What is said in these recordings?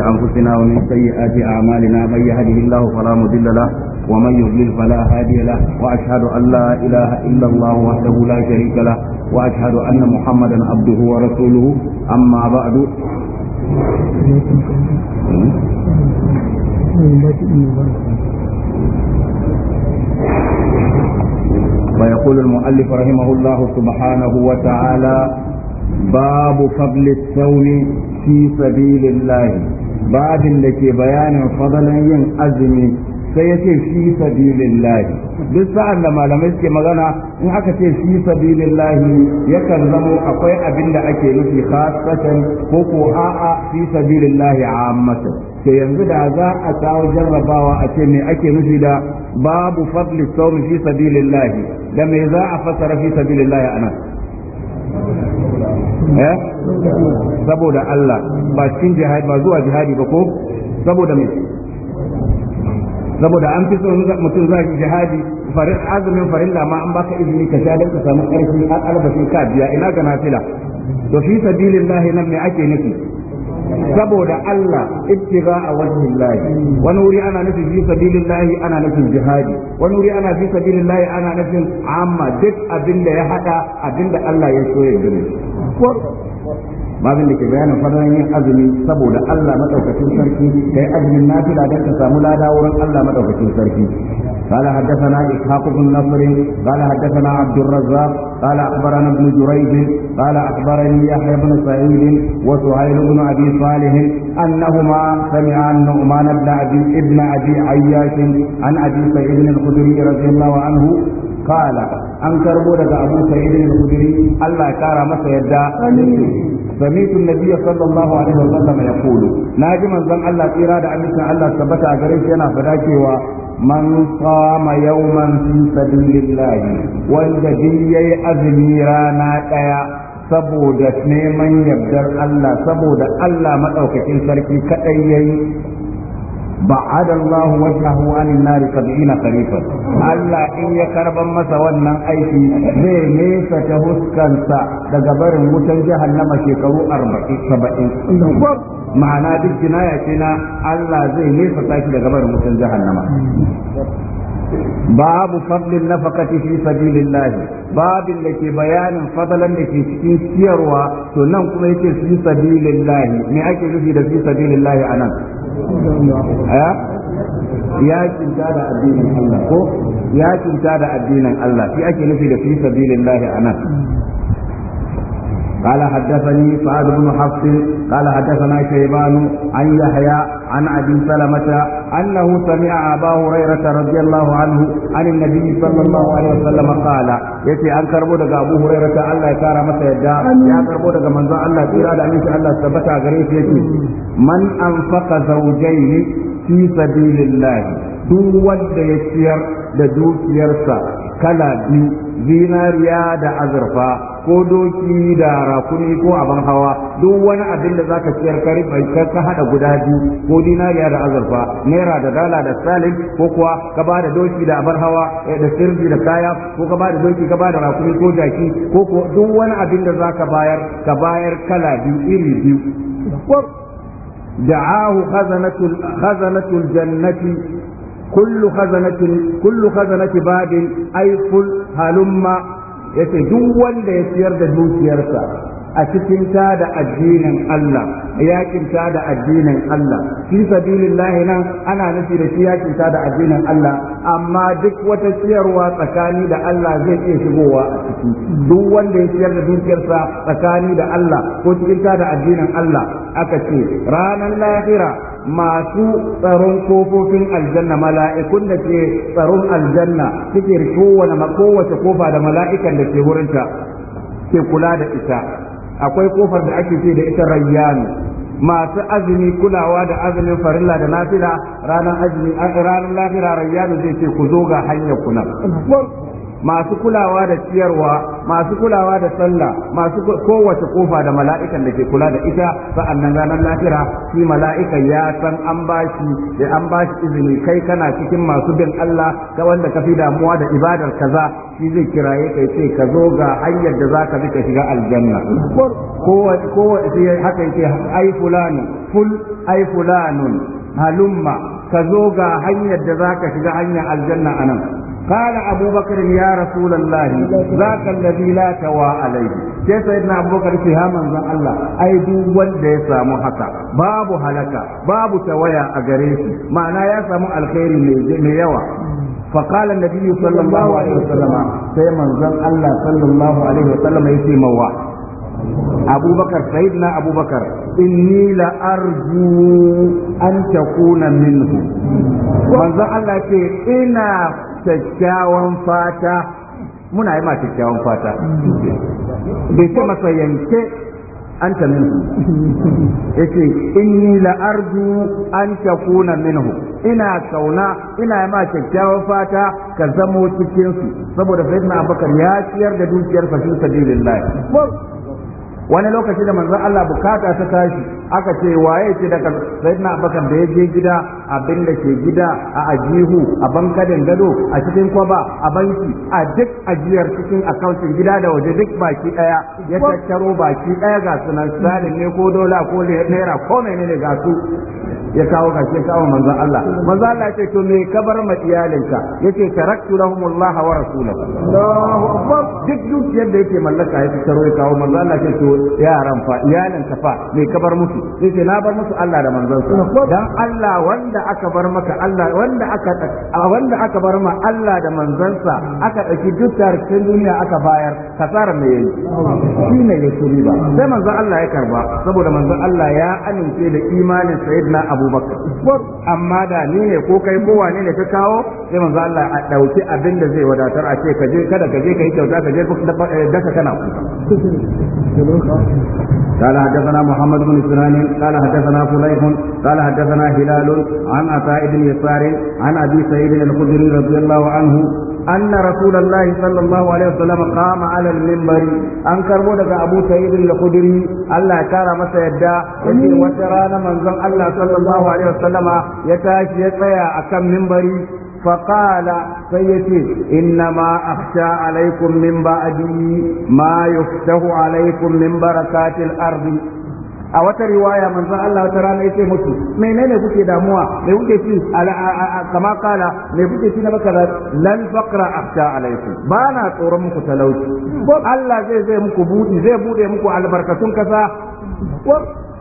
أنفسنا ومن سيئات أعمالنا من يهده الله فلا مضل له ومن يضلل فلا هادي له وأشهد أن لا إله إلا الله وحده لا شريك له وأشهد أن محمدا عبده ورسوله أما بعد ويقول المؤلف رحمه الله سبحانه وتعالى باب فضل الصوم في سبيل الله babin da ke bayanin fadalan yin azumi sai ya ce fi sabilillahi duk sa'an da malamai suke magana in aka ce fi sabilillahi yakan zamo akwai abin da ake nufi khasatan ko ko a'a fi sabilillahi ammatan sai yanzu da za a kawo jarrabawa a ce me ake nufi da babu fadli sawmi fi sabilillahi da me za a fasara fi a nan. eh saboda Allah ba cikin jihadi ba zuwa jihadi ba ko saboda me saboda an fi son mutum zai yi jihadi farin azumin farin ma an baka izini ka sha ka samu karfi har albashin ka biya ina ga nafila to fi sabilillah nan me ake nufi saboda Allah ibtiga a wajhin layi. wani wuri ana nufin fi sabilin lahi ana nufin jihadi wani wuri ana fi sabilin lahi ana nufin amma duk abin da ya hada abin da Allah ya so ya gani babin da ke bayanin fadalan yin azumi saboda Allah madaukakin sarki kai azumin nafila don ka samu lada wurin Allah madaukakin sarki قال حدثنا إسحاق بن نصر قال حدثنا عبد الرزاق قال أخبرنا ابن جريج قال أخبرني يحيى بن سعيد وسهيل بن أبي صالح أنهما سمعا النعمان بن أبي ابن أبي عياش عن أبي سعيد الخدري رضي الله عنه قال an karbo daga abu sa'id al-khudri Allah ya kara masa yadda sami'tu an-nabiy sallallahu alaihi wa sallam yaqulu naji manzon Allah tsira da amincin Allah tabbata a gare yana fada man sama yawman fi sabilillah wanda din yayi azumi rana ɗaya saboda neman yardar Allah saboda Allah madaukakin sarki kadai yayi بعد الله وجهه عن النار سبعين خريفا الله إن يكرب مسوانا أيتي زي ليس تهسكن سا دقبر متن جهنم shekaru أربعين سبعين ma'ana duk jinaya ce na Allah zai nesa shi daga barin mutum jahannama babu fadlin nafaqati fi sabilillah babin da ke bayanin fadalan da ke cikin siyarwa to nan kuma yake fi sabilillah me ake nufi da fi sabilillah anan ya cinta da addinin Allah ko ya cinta da addinin Allah shi ake nufi da fi a nan? قال حدثني سعد بن حفص قال حدثنا شيبان عن يحيى عن ابي سلمه انه سمع ابا هريره رضي الله عنه عن النبي صلى الله عليه وسلم قال yace an karbo daga Abu Hurairah ta Allah ya kara masa yadda ya karbo daga manzon Allah tsira da aminci Allah tabbata gare shi yace man anfaqa zawjayn fi sabilillah duk wanda ya ciyar da dukiyarsa kala biyu zinariya da azurfa ko doki da rakuni ko abin hawa duk wani abin da zaka ciyar kari bai ka hada guda biyu ko dinariya da azurfa naira da dala da salin ko kuwa ka bada doki da abin hawa eh, da sirri da kaya ko ka bada doki ka bada rakuni ko jaki ko kuwa duk wani abin da zaka bayar ka bayar kala biyu iri biyu دعاه خزنة خزنة الجنة كل خزنة كل خزنة باب أي قل هلم yake duk wanda ya siyar da dukiyarsa a cikin ta da addinin Allah yakin ta da addinin Allah fi sabilillah nan ana nufi da shi yakin ta da addinin Allah amma duk wata ciyarwa tsakani da Allah zai iya shigowa a ciki duk wanda ya siyar da dukiyarsa tsakani da Allah ko cikin ta da addinin Allah aka ce ranar lahira masu tsaron kofofin aljanna mala'ikun da ke tsaron aljanna suke kowane kowace kofa da mala'ikan da ke wurinta ke kula da ita akwai kofar da ake ce da ita rayyanu masu azumi kulawa da azumin farilla da nafila ranar azumi ranar lafira rayyanu zai ce ku zo ga hanyar kuna masu kulawa da ciyarwa masu kulawa da sallah masu kowace kofa da mala'ikan da ke kula da ita sa'annan ranar lahira shi mala'ika ya san an bashi da an bashi izini kai kana cikin masu bin Allah ka wanda ka fi damuwa da ibadar kaza shi zai kiraye kai ce ka zo ga hanyar da zaka bi ka shiga aljanna kowace kowa haka yake ai fulani ful ai fulanun halumma ka zo ga hanyar da zaka shiga hanyar aljanna anan قال أبو بكر يا رسول الله ذاك الذي لا توا عليه sai sayyidina abubakar ce ha manzon Allah ai duk wanda ya samu haka babu halaka babu tawaya a gare shi ma'ana ya samu alkhairi mai yawa فقال النبي صلى الله عليه وسلم سيما زن الله صلى الله عليه وسلم يسيما أبو بكر سيدنا أبو بكر إني لأرجو أن تكون منه من زن الله إنا kyakkyawan fata muna yi ma kyakkyawan fata bai ce masa yanke an ta minhu ya ce inni la'arju an ta kuna minhu ina kauna ina yi ma kyakkyawan fata ka zamo cikinsu saboda fahimta na abakar ya ciyar da dukiyar fashin lai wani lokaci da manzon Allah bukata ta tashi aka ce waye ce daga sayyidina abakan da ya je gida abin da ke gida a ajihu a bankaden gado a cikin kwaba a banki a duk ajiyar cikin akauntin gida da waje duk baki daya ya tattaro baki daya ga sunan salin ne ko dola ko naira ko menene ga su ya kawo ga shi kawo manzon Allah manzon Allah ya ce to me kabar ma iyalinka yace taraktu lahumullah wa rasulahu Allahu akbar duk duk yadda yake mallaka ya tattaro ya kawo manzon Allah ya ce to yaran fa iyalin ka fa me ka bar musu sai ce na bar musu Allah da manzansa dan Allah wanda aka bar maka Allah wanda aka wanda aka bar ma Allah da manzansa aka dauki duk tarkin duniya aka bayar kasara me yayi ne ya shiri ba. sai manzon Allah ya karba saboda manzon Allah ya amince da imanin sayyidina Abubakar amma da ni ne ko kai ko wane ne ka kawo sai manzon Allah a dauki abin da zai wadatar a ce ka je kada ka je ka yi kyauta ka je daka kana قال حدثنا محمد بن سنان قال حدثنا فليح قال حدثنا هلال عن عطاء بن يسار عن ابي سعيد الخدري رضي الله عنه أن رسول الله صلى الله عليه وسلم قام على المنبر أن كربو أبو سعيد الخدري الله كار مسا يدا يتي وترانا منزل الله صلى الله عليه وسلم يتاشي يتايا أكم منبري فقال سيتي إنما أخشى عليكم من بعدي ما يفتح عليكم من بركات الأرض a wata riwaya manzon Allah ta rana yace musu menene kuke damuwa me kuke ci kama kala me kuke ci na bakara lan faqra akhsha alaikum ba na tsoron muku talauci Allah zai zai muku budi zai bude muku albarkatun kasa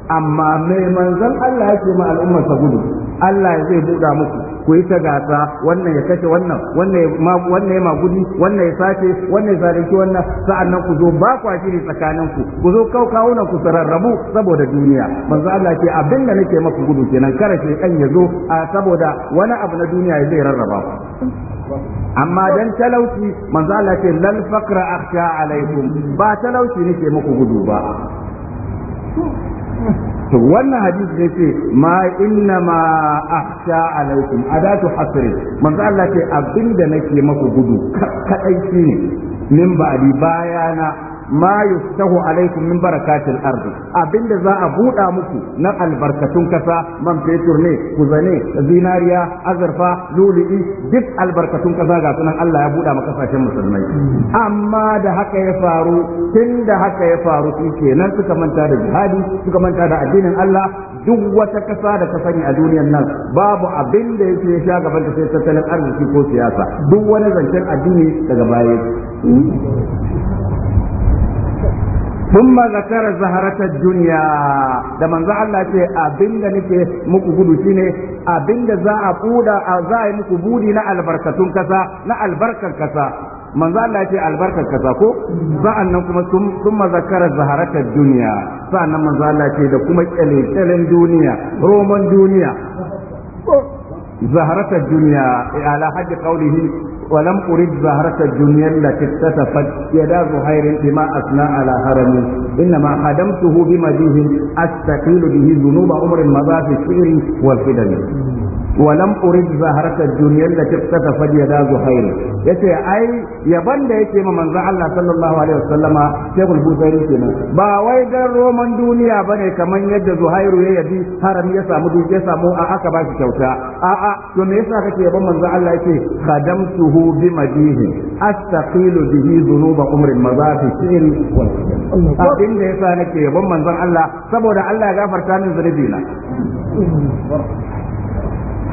amma me manzon Allah yake ma al'ummar sa gudu Allah zai buda muku ku yi ta gasa wannan ya kashe wannan wannan ya magudi wannan ya sace wannan ya zalunci wannan nan ku zo ba kwa shiri tsakanin ku ku zo kau kawunan ku sararrabu saboda duniya manzo Allah ce abin da nake maku gudu kenan kare shi kan ya zo saboda wani abu na duniya ya zai rarraba ku amma dan talauci manzo Allah ce lal faqra akhsha alaikum ba talauci nake maku gudu ba to wannan hadisi zai ce ma inna ma akhsha alaikum adatu hasri manzo Allah ce abinda nake maku gudu kadai shine min ba'di bayana ma yustahu alaikum min barakatil ardi abinda za a buɗa muku na albarkatun kasa man fetur ne kuzane zinariya azurfa lulu'i duk albarkatun kasa ga sunan Allah ya buɗa maka kasashen musulmai amma da haka ya faru tun da haka ya faru su kenan suka manta da jihadi suka manta da addinin Allah duk wata ƙasa da ka sani a duniyar nan babu abin da yake ya sha gaban da sai tattalin arziki ko siyasa duk wani zancen addini daga baya thumma zakara zaharatar duniya da manzo Allah ce abinda nake muku gudu shine abinda za a buda za a yi muku budi na albarkatun kasa na albarkar kasa manzo Allah ce albarkar kasa ko nan kuma thumma zakara zaharatar duniya nan manzo Allah ce da kuma kyalen duniya roman duniya zaharatar duniya ولم أرد زهرة الدنيا التي اكتسبت يدا زهير بما أثنى على هرمي إنما خدمته بمديه أستقيل به ذنوب عمر مضى في الشعر والفدن ولم أرد زهرة الدنيا التي اكتسبت يدا زهير yace ai yaban da yake ma manzo Allah sallallahu alaihi wasallama Sheikhul Bukhari kenan ba wai dan roman duniya bane kaman yadda Zuhairu ya yabi haram ya samu duke samu a aka ba shi kyauta a'a to me yasa kake yaban manzo Allah yake khadamtuhu له بمديه أستقيل به ذنوب عمر مضى في الشعر أبين ده يسانك يبون منظر الله سبو الله غفر كان ذنبينا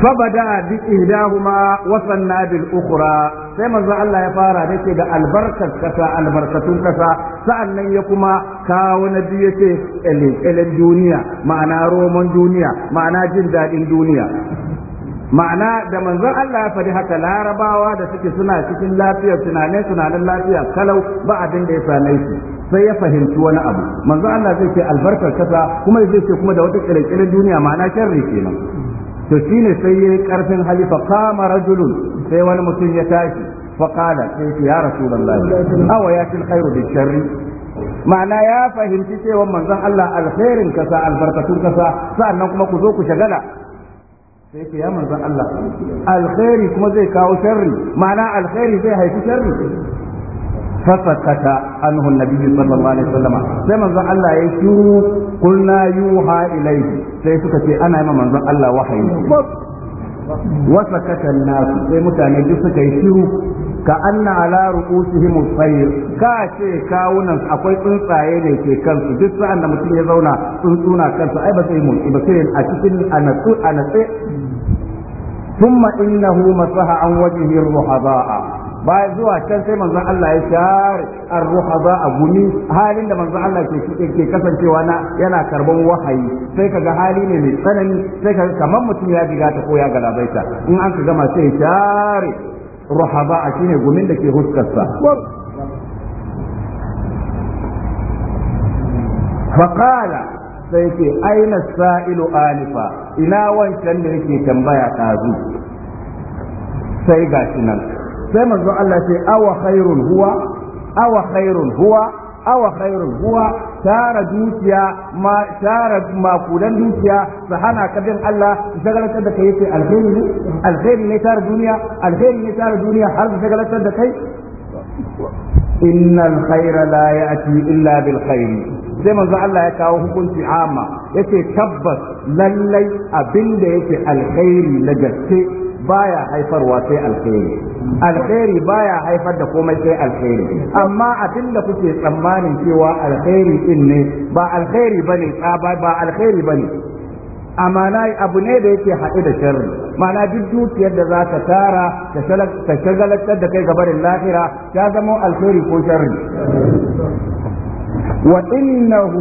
فبدا بإهداهما وصلنا بالأخرى sai manzo Allah ya fara da ce da albarkar kasa albarkatun kasa nan ya kuma kawo na biyu yace elen duniya ma'ana roman duniya ma'ana jin daɗin duniya ma'ana da manzon Allah ya faɗi haka larabawa da suke suna cikin lafiya tunanin tunanin lafiya kalau ba abin da ya same su sai ya fahimci wani abu manzon Allah zai ce albarkar kasa kuma zai ce kuma da wata kirkirin duniya ma'ana sharri kenan to shine sai yayi karfin halifa qama rajulun sai wani mutum ya tashi فقال كيف يا رسول ya أو khairu الخير sharri ma'ana ya fahimci cewa manzon Allah alkhairin kasa albarkatun kasa sa'annan kuma ku zo ku shagala sai ke ya manzan Allah alkhairi kuma zai kawo sharri ma'ana alkhairi zai haifi sharri fasakata anhu annabi sallallahu alaihi wasallam sai manzon Allah ya shiru kulna yuha ilayhi sai suka ce ana yi manzon Allah wahayi wasakata nasu sai mutane duk suka yi shiru ka anna ala ru'usihim al ka ce kawunan akwai tsuntsaye ne ke kansu duk sa'an da mutum ya zauna tsuntsuna kansu ai ba sai mun ba sai a cikin anatsu anatse thumma innahu masaha an wajhi ruhabaa ba zuwa can sai manzon Allah ya share ar-ruhaba a gumi halin da manzon Allah ke ke kasancewa na yana karban wahayi sai kaga hali ne mai tsanani sai kaga kamar mutum ya riga ta ko ya galabaita in an ka gama sai ya share a shine gumin da ke huskarsa faqala sai ke aina sa'ilu alifa ina wancan da yake tambaya ɗazu sai gashi nan sai manzo Allah sai awa khairun huwa awa khairun huwa awa khairul huwa tara dukiya ma tara makudan dukiya su hana ka bin Allah su shagalatar da kai yake alheri ne alheri ne tara duniya alheri ne tara duniya har su shagalatar da kai innal khaira la ya'ti illa bil khair sai manzo Allah ya kawo hukunci amma yace tabbas lallai abinda yake alkhairi na gaske baya haifarwa sai alheri alheri baya haifar da komai sai alheri amma abinda da kuke tsammanin cewa alheri din ne ba alheri bane ba alheri bane amana abu ne da yake haɗe da sharri mana duk dukiyar da za ta tara ta shagalatar da kai gabarin lahira ta zama alheri ko sharri wa innahu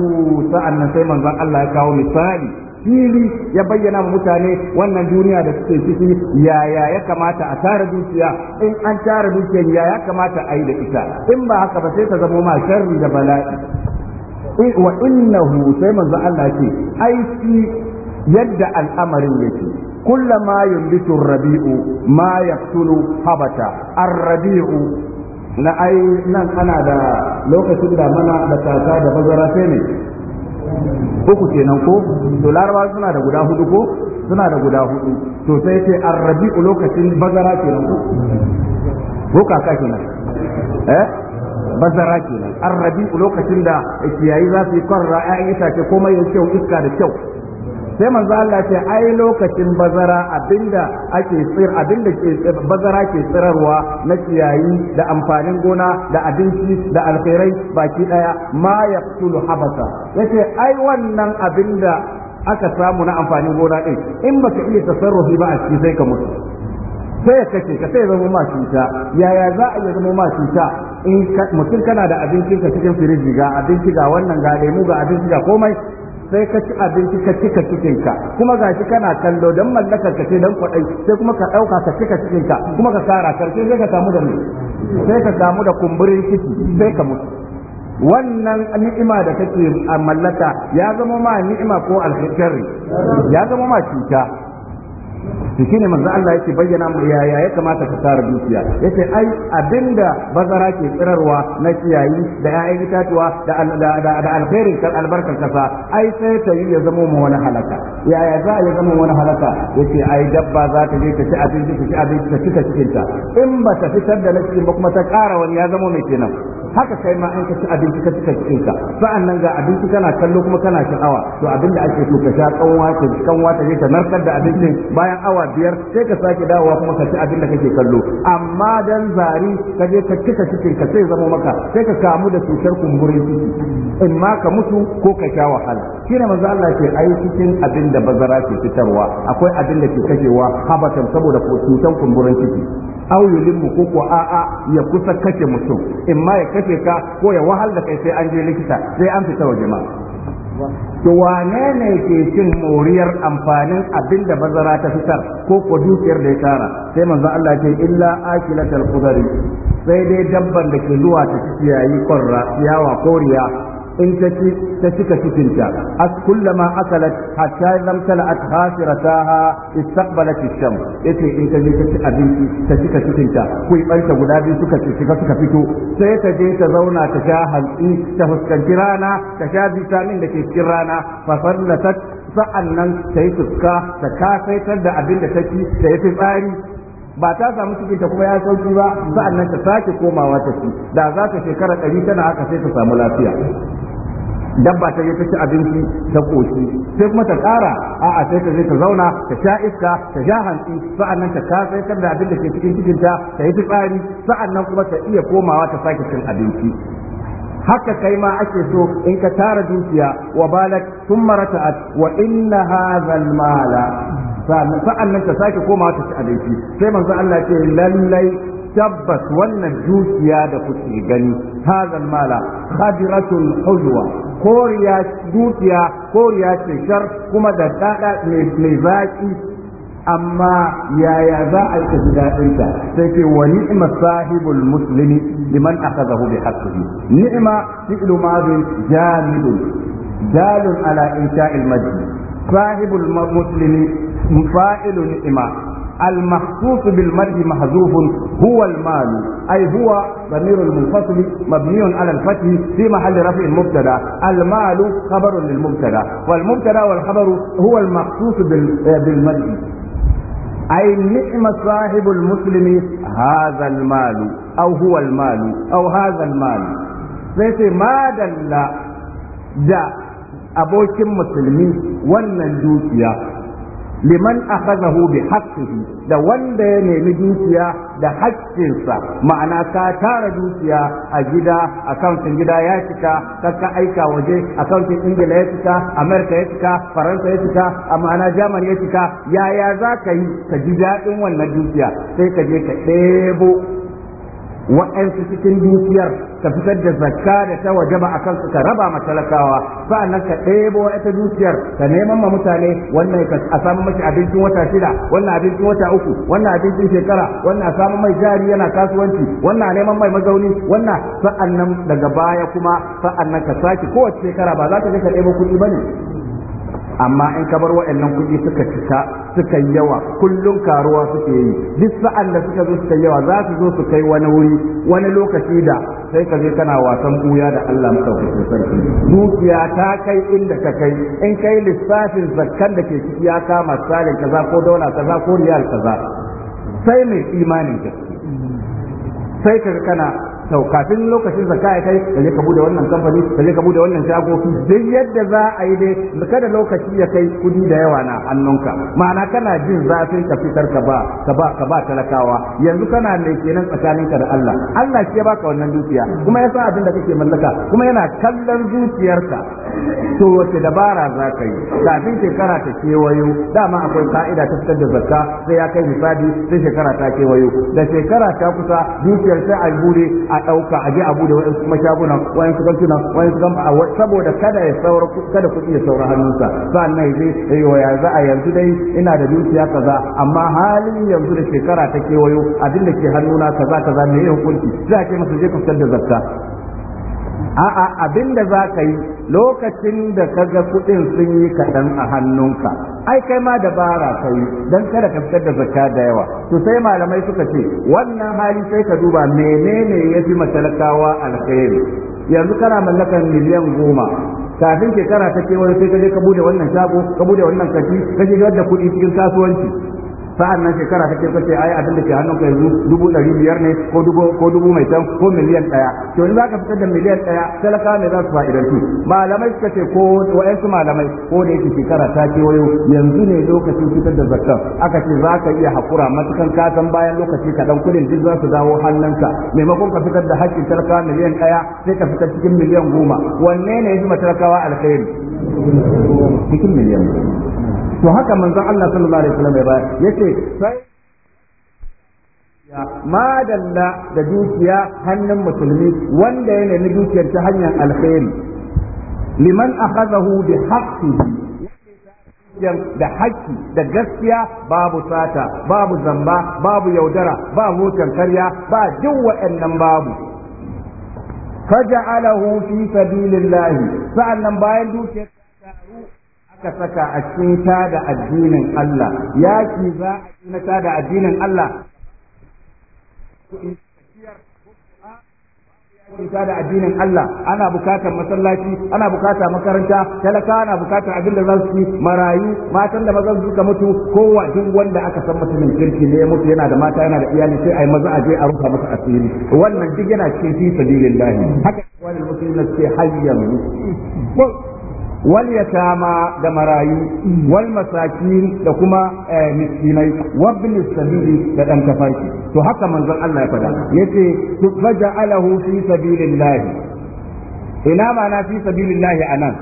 sa'an sai manzon Allah ya kawo misali fili ya bayyana wa mutane wannan duniya da suke ciki yaya ya kamata a tara dukiya in an tara ya ya kamata a yi da ita in ba haka ba sai ta zama ma sharri da bala'i wa innahu sai manzo Allah ce aiki yadda al'amarin yake كلما Rabi'u, ma yaqtulu habata. ar Rabi'u? na ai nan ana da lokacin mana da tata da bazara sai ne uku kenan ko to laraba suna da guda hudu ko suna da guda hudu to sai ce arrabi'u lokacin bazara kenan ko ko kaka kenan eh bazara kenan arrabi'u lokacin da kiyayi za su yi kwarra 'ya'yan itace komai ya kyau iska da kyau sai manzo Allah ce ai lokacin bazara abinda ake tsir abinda ke bazara ke tsirarwa na ciyayi da amfanin gona da abinci da alkhairai baki daya ma yaqtulu habata yace ai wannan abinda aka samu na amfanin gona din in baka iya tasarrufi ba a ciki sai ka mutu sai ka ce ka sai zama ma cuta yaya za a iya zama ma cuta in mutum kana da abincin ka cikin firiji ga abinci ga wannan ga lemu ga abinci ga komai sai ka ci abinci ka cika cikinka kuma gashi kana kallo dan mallakar ka ce dan kwadai sai kuma ka dauka ka cika cikinka kuma ka kara karshe sai ka samu da sai ka samu da kumburin ciki sai ka mutu wannan ni'ima da kake mallaka ya zama ma ni'ima ko alheri ya zama ma cuta to shine manzo Allah yake bayyana mu yaya ya kamata ka tsara dukiya yace ai abinda bazara ke tsirarwa na kiyayi da ya'yan itatuwa da da alkhairin kal albarkar kasa ai sai ta yi ya zama mu wani halaka yaya za ya zama wani halaka yace ai dabba za ta je ta ci abinci ta ci abinci ta ci ta cikin ta in ba ta fitar da na cikin ba kuma ta kara wani ya zama mai kenan haka kai ma in ka ci abinci ka cika cikin ka sa'an nan ga abinci kana kallo kuma kana awa, to abin da ake so ka sha kanwa ta wata ta ta narkar da abincin bayan awa biyar sai ka sake dawowa kuma ka ci abin da kake kallo amma dan zari ka je ka cika cikin ka sai zama maka sai ka kamu da cutar kumburin ciki in ma ka mutu ko ka sha wahala shine manzo Allah ke ai cikin abin da bazara ke fitarwa akwai abin da ke kashewa habatan saboda cutar kumburin ciki au yulimu ko ko a'a ya kusa kashe mutum in ma ya kashe ka ko ya wahal da kai sai an je likita sai an fita waje ma to wane ne ke cin moriyar amfanin abin da bazara ta fitar ko ko dukiyar da ya tara sai manzo Allah ce illa akilatal khudari sai dai dabban da ke zuwa ta ciyayi korra ciyawa koriya in ta ci ta cika cikinta as kullama akalat hatta lam talat hasirataha istaqbalat ash-shams yace in ta je ta ci abinci ta cika cikinta kuyi barka guda biyu suka ci suka suka fito sai ta je ta zauna ta sha hantsi ta fuskanci rana ta sha bitamin da ke cikin rana fa sa'an sa'annan ta yi fuska ta kasaitar da abin da ta ci ta yi fitsari ba ta samu cikin ta kuma ya sauki ba sa'annan ta sake komawa ta ci da za ta shekara ɗari tana haka sai ta samu lafiya dabba ta yi ta ci abinci ta koshi sai kuma ta ƙara a'a sai ta je ta zauna ta sha iska ta sha hantsi sa'annan ta kasai kan da abin da ke cikin cikin ta ta yi fitsari sa'annan kuma ta iya komawa ta sake cin abinci haka kai ma ake so in ka tara dukiya wa balak thumma rata'at wa inna hadha mala sa'an nan ta sake komawa ta ci abinci sai manzo Allah ce lallai tabbas wannan dukiya da kuke gani hazal mala khadiratul hulwa koriya dukiya koriya ce shar kuma da dada mai zaki amma yaya za a yi daɗin ta sai ke wa ni'ma sahibul muslimi liman akhadahu bi haqqihi ni'ma fi'lu madin jamidun dalun ala insha'il majd sahibul muslimi فاعل نعمة المخصوص بالمرء محذوف هو المال أي هو ضمير المنفصل مبني على الفتح في محل رفع المبتدا المال خبر للمبتدا والمبتدا والخبر هو المخصوص بالمرء أي نعم صاحب المسلم هذا المال أو هو المال أو هذا المال فيتي ما دل جاء أبوك المسلمين wannan liman akhazahu bi haqqihi da wanda ya nemi dukiya da haƙƙinsa ma'ana ka tara dukiya a gida akauntin gida ya cika ka ka aika waje akauntin ingila ya cika amerika ya cika faransa ya cika a ma'ana jaman ya cika yaya za ka yi ka ji daɗin wannan dukiya sai ka je ka ɗebo wa'ansu cikin dukiyar ka fitar da zakka da ta wajaba a kansu ka raba ma talakawa sa'annan ka ɗebo ita dukiyar ka neman ma mutane wannan ka a samu mashi abincin wata shida wannan abincin wata uku wannan abincin shekara wannan a samu mai jari yana kasuwanci wannan neman mai mazauni wannan sa'annan daga baya kuma sa'annan ka sake kowace shekara ba za ka je ka ɗebo kuɗi ba ne amma in ka bar wa'annan kuɗi suka cika suka yawa kullum karuwa suke yi duk sa'an da suka zo suka yawa za su zo su kai wani wuri wani lokaci da sai ka je kana wasan buya da Allah madaukakin sarki dukiya ta kai inda ka kai in kai lissafin zakkan da ke ciki ya kama salin kaza ko dola kaza ko riyal kaza sai mai imanin gaske sai ka kana to kafin lokacin zakka ya kai kaje ka bude wannan kamfani kaje ka bude wannan shago duk yadda za a yi dai kada lokaci ya kai kudi da yawa na hannunka ma'ana kana jin zafin ka fitar ka ba ka ba ka ba talakawa yanzu kana mai kenan tsakaninka da Allah Allah ya baka wannan dukiya kuma ya san abin da kake mallaka kuma yana kallon zuciyarka to wace dabara za ka yi kafin shekara ta kewayo dama akwai ka'ida ta fitar da zakka sai ya kai misali sai shekara ta kewayo da shekara ta kusa dukiyar sai a bure a a ɗauka a je abu da wa'insu kuma shagunan kantunan wa'insu kan saboda kada ya saura kada kuɗi ya saura hannunsa sannan ya yi wa za a yanzu dai ina da dukiya kaza amma halin yanzu da shekara ta kewayo abin da ke hannuna kaza kaza me ya hukunci za a ce masa je ka fitar da zakka a'a da za ka yi lokacin da ka ga kuɗin sun yi kaɗan a hannunka ai kai ma dabara ka yi don kada ka fitar da zakka da yawa to sai malamai suka ce wannan hali sai ka duba menene ya fi matalakawa alkhairi yanzu kana mallakar miliyan goma kafin shekara ta kewaye sai ka je ka bude wannan shago ka bude wannan kashi ka shigar da kuɗi cikin kasuwanci sa'an nan shekara ta ke kace ai abin da ke hannunka yanzu dubu ɗari biyar ne ko dubu mai tan ko miliyan ɗaya to in ka fitar da miliyan ɗaya talaka ne za su fa'idantu malamai suka ce ko wa'ansu malamai ko da yake shekara ta kewayo yanzu ne lokacin fitar da zakkan aka ce za ka iya hakura matukan ka san bayan lokaci kaɗan kuɗin duk za su dawo hannunka maimakon ka fitar da hakkin talaka miliyan ɗaya sai ka fitar cikin miliyan goma wanne ne ya fi talakawa alkhairi cikin miliyan goma to haka manzon Allah sallallahu alaihi wasallam ya bayar yace sai ma dalla da dukiya hannun musulmi wanda ya nemi dukiyar ta hanyar alkhairi liman akhadahu bi haqqi da haƙƙi da gaskiya babu sata babu zamba babu yaudara ba hoton karya ba duk waɗannan babu faja'alahu fi sabilillahi sa'annan bayan dukiyar ka saka a cikin tada addinin Allah yaki za a yi na tada addinin Allah da addinin Allah ana bukatar masallaci ana bukatar makaranta talaka ana bukatar abin da zan su marayu matan da mazan suka mutu kowa duk wanda aka san mutumin kirki ne ya mutu yana da mata yana da iyali sai ai maza a je a rufa masa asiri wannan duk yana cikin fi sabilillah haka wani musulmi sai hayyan wal yatama da marayu wal masakin da kuma eh, miskinai wa sabili da dan tafarki to haka manzon Allah ya fada yace Alahu fi sabilillah ina ma na fi sabilillah anan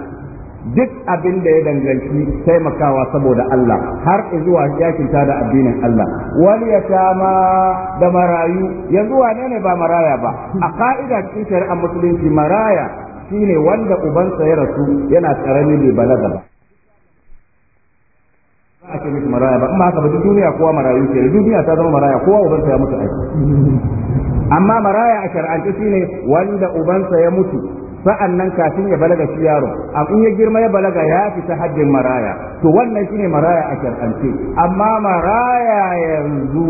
duk abin da ya danganci taimakawa saboda Allah har zuwa ta da addinin Allah wal yatama da marayu yanzu wane ne ba maraya ba a ka'ida cikin shari'ar musulunci maraya ne wanda ubansa ya rasu yana karami bai balaga ba ba a ce mishi maraya ba amma haka ba duniya kowa marayu ke duniya ta zama maraya kowa ubansa ya mutu aiki amma maraya a shi ne wanda ubansa ya mutu sa'an nan kafin ya balaga shi yaro in ya girma ya balaga ya fita haddin maraya to wannan shine maraya a shar'ance amma maraya yanzu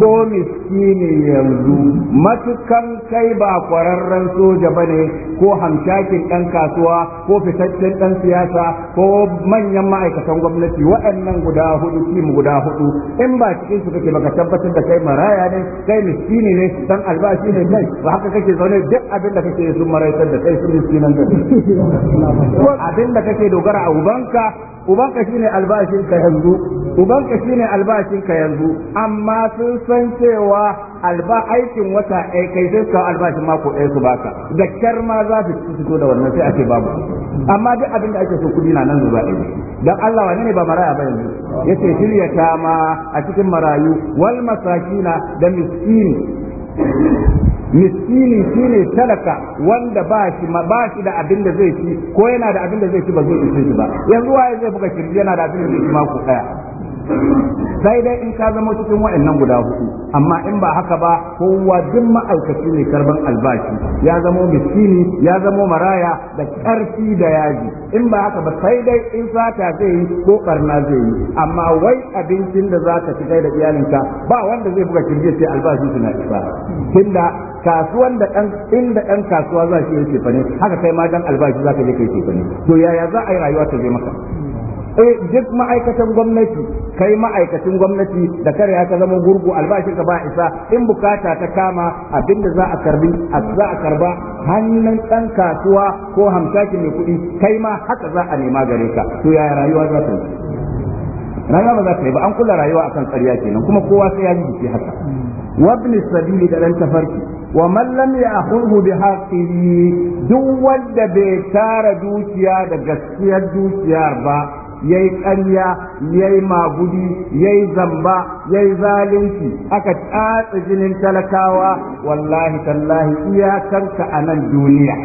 ko miskini yanzu matukan kai ba kwararren soja ba ne ko hamshakin ɗan kasuwa ko fitaccen ɗan siyasa ko manyan ma'aikatan gwamnati waɗannan guda hudu kim guda hudu in ba cikin su kake baka tabbatar da kai maraya ne kai miskini ne dan albashi ne kai ba haka kake zaune duk abin da kake sun maraitar da kai sun miskinan abin da kake dogara a ubanka ubanka shine ka yanzu ubanka shine albashin ka yanzu amma sun san cewa alba aikin wata ɗaya kai sai su albashin mako ɗaya su baka da kyar ma za su fito da wannan sai ake babu amma duk abin da ake so kudi na nan zuba ɗaya dan Allah wane ne ba maraya ba yanzu yace shirya ta ma a cikin marayu wal masakina da miskini miskini shine talaka wanda ba shi ba shi da abin da zai ci ko yana da abin da zai ci ba zai ci shi ba yanzu waye zai buga kirji yana da abin da zai ci mako daya sai dai in ka zama cikin waɗannan guda hudu amma in ba haka ba kowa duk ma'aikaci ne karban albashi ya zamo miskini ya zamo maraya da ƙarfi da yaji in ba haka ba sai dai in sata zai yi ko karna zai yi amma wai abincin da za ka ci da iyalinka ba wanda zai buga kirje sai albashi suna isa tunda kasuwan da dan inda dan kasuwa za shi yake fane haka kai ma dan albashi za ka je kai fane to yaya za a yi rayuwa ta je maka eh duk ma'aikatan gwamnati kai ma'aikacin gwamnati da kare ya ka zama gurgu albashin ka ba isa in bukata ta kama abinda za a karbi za a karba hannun dan kasuwa ko hamsaki mai kuɗi kai ma haka za a nema gare ka to yaya rayuwa za ta yi rayuwa ba za ta yi ba an kula rayuwa akan ƙarya kenan kuma kowa sai ya ji jiki haka وابن السبيل da ɗan tafarki wa man ya ya'khudhu bi haqqihi duk wanda bai tara dukiya da gaskiyar dukiyar ba yayi ƙarya yayi magudi yayi zamba yayi zalunci aka tsatsa jinin talakawa wallahi tallahi iyakanka a nan duniya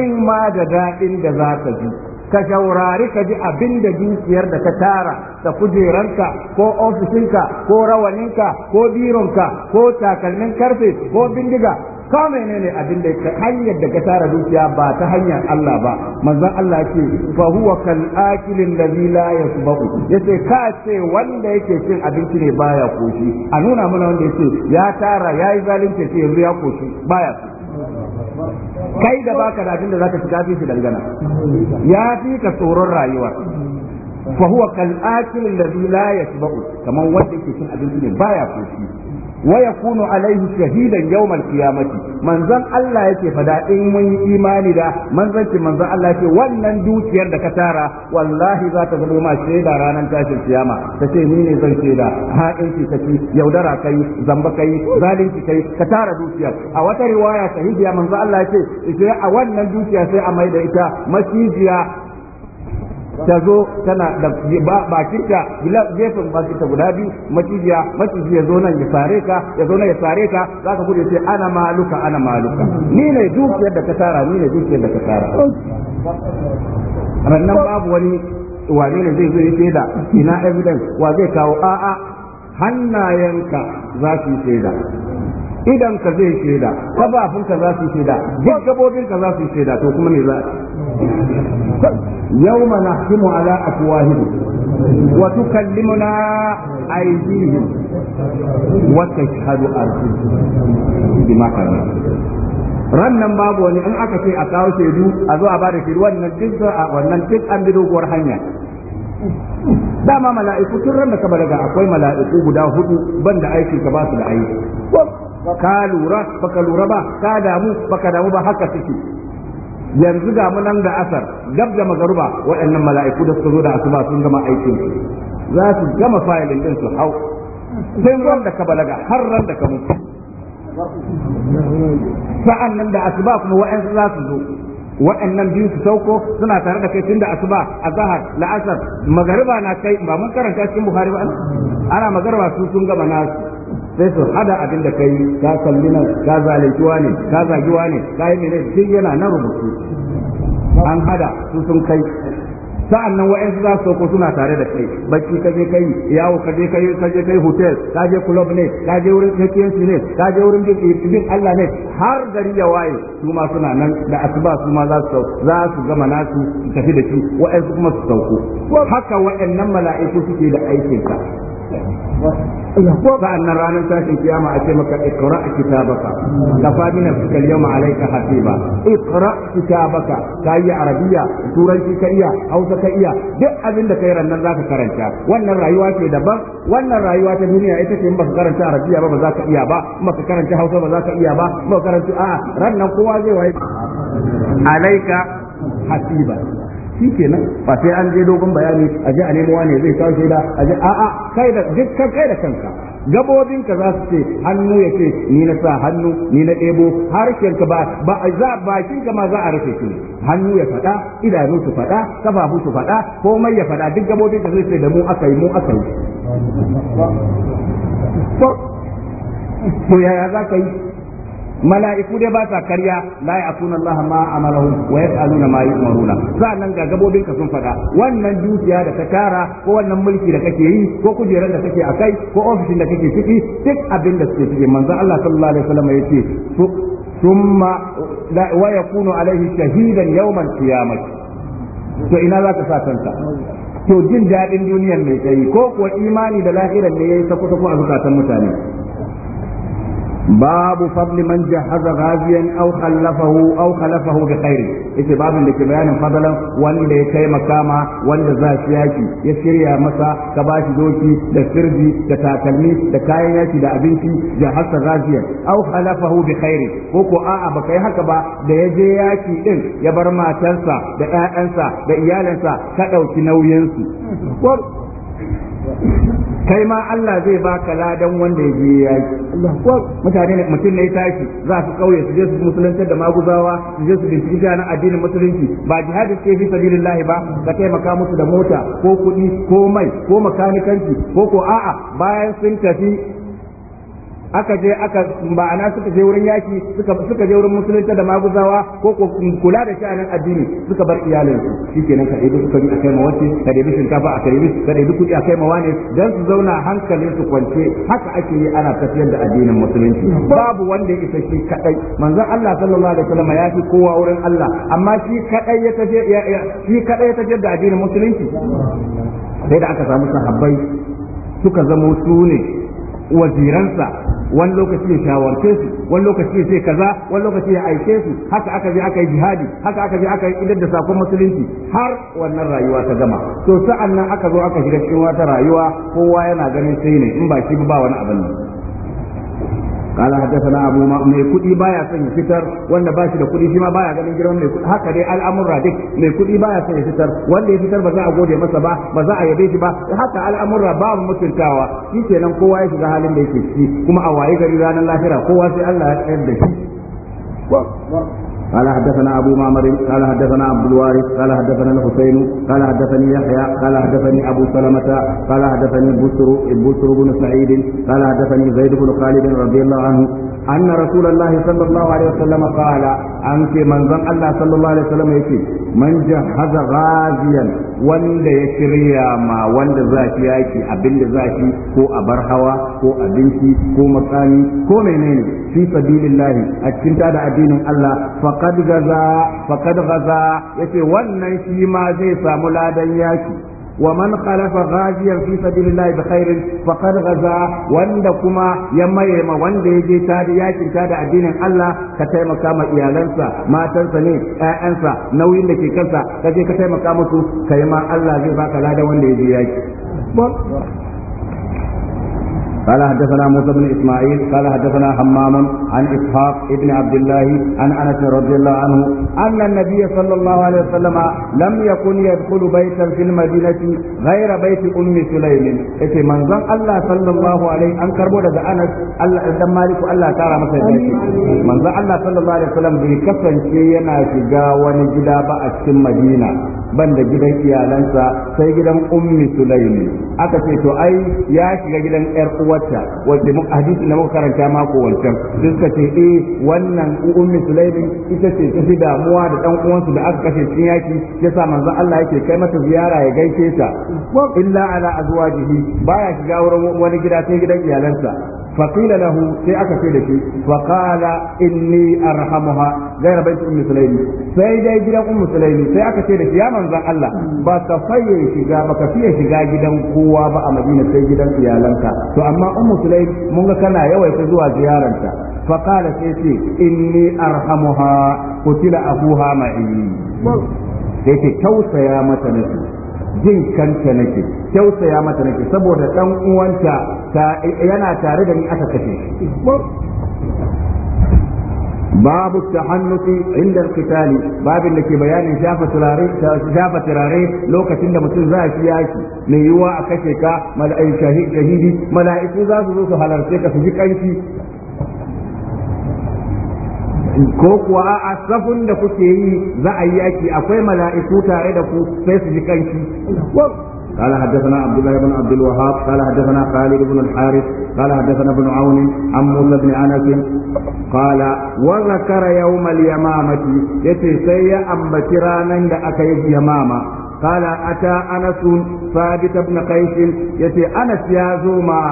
in ma da daɗin da za ka ji ka shaurari ka ji abin da dukiyar da ka tara da kujeranka ko ofishinka ko rawaninka ko bironka ko takalmin karfe ko bindiga mene ne abin da ka hanyar da ka tara dukiya ba ta hanyar Allah ba manzon Allah ce fa huwa kal akilin ladhi la yasbahu yace ka ce wanda yake cin abinci ne baya koshi a nuna mana wanda yace ya tara yayi zalunci ce yanzu ya koshi baya koshi kai da baka da abin da zaka shiga fi shi dangana ya fi ka tsoron rayuwa fa huwa kal akil alladhi la yashba'u kaman wanda yake cin abinci ne baya koshi wa yakunu alaihi shahidan yawmal qiyamati manzon Allah yake fada in mun yi imani da manzanci manzon Allah yake wannan dukiyar da ka tara wallahi za ta zama ma shaida ranar tashin kiyama ce ni ne zan shaida ki kaci yaudara kai zamba kai zalunci kai ka tara dukiyar a wata riwaya sahihiya manzon Allah yake sai a wannan dukiya sai a maida ita macijiya ta zo tana da bakinta gefen bakinta guda biyu macijiya maciji ya zo nan ya sare ka ya zo nan ya sare ka za ka gudu sai ana maluka ana maluka ni ne dukiyar da ka tara ni ne dukiyar da ka tara nan babu wani wane ne zai zo ya ina evidence wa zai kawo a'a hannayenka za su yi shaida idan ka zai shaida kafafun ka za su shaida gaggabobin ka za su shaida to kuma me za a yawma kimu ala afwahin wa tukallimuna aydihim wa tashhadu arjuluhum bima Ran rannan babu wani in aka ce a kawo shaidu a zo a bada shaidu wannan duk a wannan duk an bi doguwar hanya dama mala'iku tun ran da daga akwai mala'iku guda hudu banda aiki ka ba su da aiki ka lura baka lura ba ka damu baka damu ba haka suke yanzu ga mu nan da asar gab da magaruba waɗannan mala'iku da suka zo da asuba sun gama aikin su za su gama fayilin din su hau sai ran da ka balaga har ran da ka mutu sa'an nan da asuba kuma waɗansu za su zo waɗannan biyu su sauko suna tare da kai tun da asuba a zahar la'asar magariba na kai ba mun karanta cikin buhari ba ana magariba su sun gama nasu sai su hada abin da kai ka kalli nan ka zalunci ne ka zagi ne ka yi mene yana nan rubutu an hada su sun kai sa'an nan wa'yansu za su ko suna tare da kai bacci ka je kai yawo ka je kai ka kai hotel ka je club ne ka je wurin shi ne ka je wurin bin Allah ne har gari ya waye su ma suna nan da asuba su ma za su za su gama nasu su tafi da shi wa'ansu kuma su sauko haka nan mala'iku suke da aikin ka Ko sa'annan ranar tashin kiyama a ce maka ikra kitabaka kafa min nafsika al-yawma alayka hasiba ikra kitabaka kai arabiya turanci ka iya hausa ka iya duk abin da kai rannan zaka karanta wannan rayuwa ce daban wannan rayuwa ta duniya ita ce in baka karanta arabiya ba ba za ka iya ba in baka karanta hausa ba za iya ba in baka karanta a rannan kowa zai waye alayka hasiba shi kenan ba sai an je dogon bayani a ji a nemo ne zai kawo shaida a ji a'a kai da dukkan kai da kanka gabobin ka za su ce hannu ya ce ni na sa hannu ni na ɗebo har ka ba ba za bakin ma za a rufe shi hannu ya faɗa idanu su faɗa kafafu su faɗa komai ya faɗa duk gabobin ka zai ce da mu aka yi mu aka za ka yi mala'iku dai ba sa karya la ya'tuna Allah ma amalahu wa yas'aluna ma yu'maruna sa'annan ga gabobin ka sun fada wannan dukiya da ka tara ko wannan mulki da kake yi ko kujerar da kake akai ko ofishin da kake ciki duk abin da suke ciki manzo Allah sallallahu alaihi wasallam yace thumma wa yakunu alaihi shahidan yawmal qiyamah to ina za ka sa kanka to jin daɗin duniyar mai tsayi ko kuwa imani da lahirar ne ya yi sako-sako a zukatan mutane babu fadli man jahaza ghaziyan aw khallafahu aw khalafahu bi khairi yace babin da bayanin fadalan wanda ya kai makama wanda za shi yaki ya shirya masa ka bashi doki da sirji da takalmi da kayan yaki da abinci jahaza ghaziyan aw khalafahu bi khairi ko ko a'a ba kai haka ba da ya je yaki ɗin ya bar matarsa da ƴaƴansa da iyalansa ka ɗauki nauyin kai ma Allah zai baka ladan wanda ya je yaki mutane ne mutum ne ya tashi za su kauye su je su musulunta da maguzawa su je su binciki na addinin musulunci ba jihadi suke fi sabilillah ba ka taimaka musu da mota ko kuɗi ko mai ko makanikanci ko ko a'a bayan sun tafi aka je aka ma'ana suka je wurin yaki suka suka je wurin musulunta da maguzawa ko ko kula da nan addini suka bar iyalin su shikenan ka ɗebi sukari a kai ma wace ka ka shinkafa a kai ka dai kuɗi a kai ma wane dan su zauna hankalin su kwance haka ake yi ana tafiyar da addinin musulunci babu wanda ya isa shi kadai manzon Allah sallallahu alaihi wasallam ya fi kowa wurin Allah amma shi kadai ya tafiyar shi kadai ya tafiyar da addinin musulunci sai da aka samu sahabbai suka zama su ne waziransa wani lokaci ya shawarce su wani lokaci ya ce kaza wani lokaci ya aike su haka aka je aka yi jihadi haka aka je aka yi idar da sakon musulunci har wannan rayuwa ta gama to sa'an nan aka zo aka shiga cikin wata rayuwa kowa yana ganin sai ne in ba shi ba wani abin nan قال حدثنا ابو kuɗi ba ya بايا سن fitar wanda ba shi da kuɗi shi ma baya ganin girman mai haka dai al'amurra duk mai kuɗi baya son ya fitar wanda ya fitar ba za a gode masa ba ba za a yabe shi ba haka al'amurra babu mutuntawa shi kenan kowa ya shiga halin da yake ciki kuma a waye gari ranar lahira kowa sai Allah ya tsayar da shi قال حدثنا أبو معمر قال حدثنا عبد الوارث قال حدثنا الحسين قال حدثني يحيى قال حدثني أبو سلمة قال حدثني بسر بسر بن سعيد قال حدثني زيد بن خالد رضي الله عنه أن رسول الله صلى الله عليه وسلم قال أنك من ظن الله صلى الله عليه وسلم يكي من جهز غازيا wanda ya shirya ma wanda za shi yaki abin da za shi ko a bar hawa ko abinci ko makami ko menene fi sabilillahi a cikin tada addinin Allah faqad gaza faqad gaza yace wannan shi ma zai samu ladan yaki ومن خلف غازيا في سبيل الله بخير فقد غزا وند كما يمي ما وند يجي تاد ياكي تاد الدين الله كتيما كما إيالنسا ما تنسني أنسا نوي لكي كنسا كتيما كما كيما الله زي باك دا وند يجي ياكي قال حدثنا موسى بن اسماعيل قال حدثنا حمام عن اسحاق بن عبد الله عن انس رضي الله عنه ان النبي صلى الله عليه وسلم لم يكن يدخل بيتا في المدينه غير بيت ام سليم اتي من زن الله صلى الله عليه ان كربو daga انس الله dan مالك الله تعالى masa yake من زن الله صلى الله عليه وسلم bai kasance yana shiga wani gida ba a cikin madina Ban da gidan iyalansa sai gidan ummi sulaimi aka ce to ai ya shiga gidan yar uwarta wanda mu hadisi na makaranta karanta mako wancan suka ce eh wannan ummi sulaimi ita ce ta fi damuwa da dan uwansu da aka kashe cikin yaki yasa manzo Allah yake kai mata ziyara ya gaishe ta illa ala azwajihi baya shiga wurin wani gida sai gidan iyalansa فقيل له في أكفيلك فقال إني أرحمها غير بيت أم سليم سيدة جدا أم سليم في أكفيلك يا من ذا الله بكفي شجاع بكفي شجاع جدا قوة بقى مدينة سيدة يا لنكا فأما أم سليم من كان يوي تزوى زيارة فقال سيدي إني أرحمها قتل أبوها معي yake tausaya mata nasu jin kanta nake kyauts mata nake saboda dan uwanta yana tare da ni aka tafi. babur ta hannu sai indan su tafi babin da bayanin shafa turare lokacin da mutum za su yi aiki mai yiwuwa a kashe ka mala'iku za su zo su halarci ka su ji aiki. ko kuwa a safun da kuke yi za a yi yaki akwai mala'iku tare da ku sai su ji kanki قال حدثنا عبد الله بن عبد الوهاب قال حدثنا خالد بن الحارث قال حدثنا ابن عون عن موسى بن انس قال وذكر يوم اليمامة يتي سيا أم بكرانا لأكيد يمامة قال أتى أنس ثابت بن قيس يتي أنس يا زوما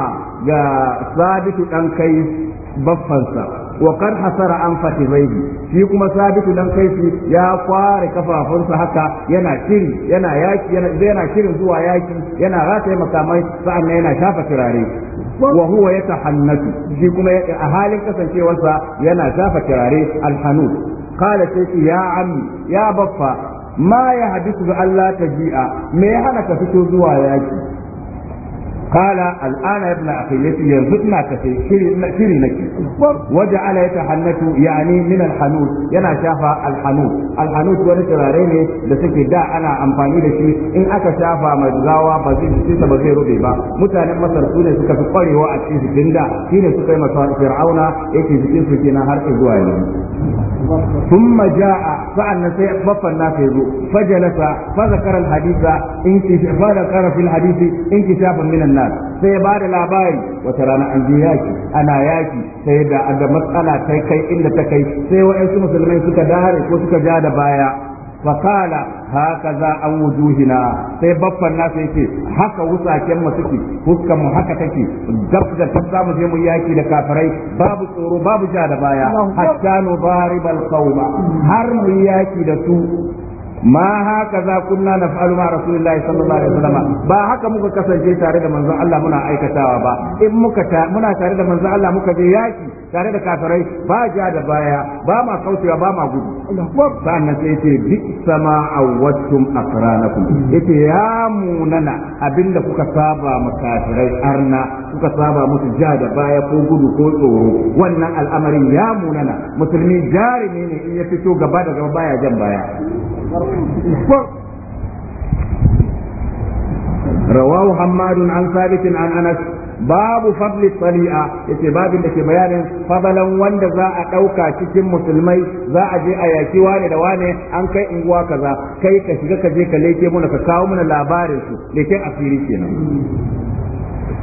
ثابت بن قيس بفنسا wa kan hasara an fatimaihi shi kuma sabitu dan shi ya kware kafafunsa haka yana shiri yana yaki yana shirin zuwa yaki yana rataye makamai sa'an yana shafa turare wa huwa yatahannatu shi kuma a halin kasancewarsa yana shafa turare alhanud qala sai ya ammi ya baffa ma ya hadisu ga Allah ta ji'a me ya hana ka fito zuwa yaki qala al'ana ibn akhi yace yanzu na tafe shiri shiri nake waja'ala yatahannatu yani min al-hanut yana shafa al-hanut al wani turare ne da suke da ana amfani da shi in aka shafa mai gawa ba zai ba zai rube ba mutanen masar su ne suka fi kwarewa a cikin da shine suka yi masa fir'auna yake jikin su kenan har zuwa yanzu ثم جاء فعل بفا الناس يزو فجلس فذكر الحديث فذكر في الحديث انكشافا من الناس sai ba da labari wata rana an je yaki ana yaki sai da matsala ta kai inda ta kai sai wa'yansu musulmai suka dare ko suka ja da baya فقال هكذا عن hina sai baffan nasa yace haka wusaken masu ki fuskan mu haka take dab da za mu je mu yaki da kafirai babu tsoro babu ja da baya hatta nu daribal qawma har mu yaki da su ما هكذا كنا نفعل مع رسول الله صلى الله عليه وسلم ba haka muka kasance tare da manzon Allah muna aikatawa ba in muka muna tare da manzon Allah muka je yaki tare da kafirai ba ja da baya ba ma kaucewa ba ma gudu sannan sai ce duk sama awwattum aqranakum yace ya munana abinda kuka saba ma kafirai arna kuka saba musu ja da baya ko gudu ko tsoro wannan al'amarin ya munana musulmi jarumi ne in ya fito gaba da gaba baya jan baya رواه حماد عن ثابت عن انس babu fadli sali'a yace babin da ke bayanin fadalan wanda za a cikin musulmai za a je a yaki wane da wane an kai unguwa kaza kai ka shiga ka je ka leke muna ka kawo muna labarin su leken asiri kenan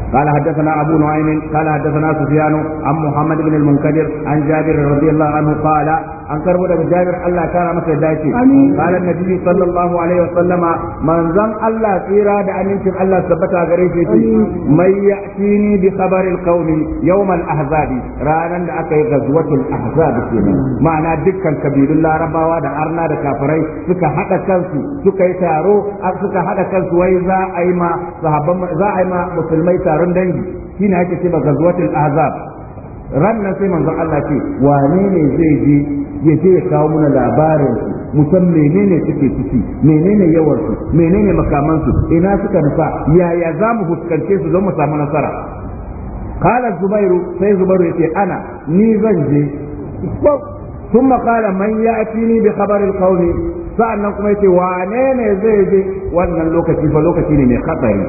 قال حدثنا أبو نعيم قال حدثنا سفيان عن محمد بن المنكدر عن جابر رضي الله عنه قال an karbo daga Jabir Allah kara masa yadda yake qala annabi sallallahu alaihi wasallama manzon Allah tsira da amincin Allah tabbata gare shi yace mai ya'tini bi khabaril qaumi yawm al ahzabi ranan da aka yi gazwatul ahzab kenan ma'ana dukkan kabilun larabawa da arna da kafirai suka hada kansu suka yi taro suka hada kansu wai za a yi ma za a yi ma musulmai taron dangi shine ake ce ba gazwatul ahzab ranar sai manzon Allah ce wane ne zai je ya je ya kawo mana labarin su musamman menene suke ciki menene yawar su menene makaman su ina suka nufa yaya za mu fuskance su don mu samu nasara qala zubairu sai zubairu ya ce ana ni zan je ثم قال من يأتيني بخبر القوم sa'annan kuma ya ce wane ne zai je wannan lokaci fa lokaci ne mai hatsari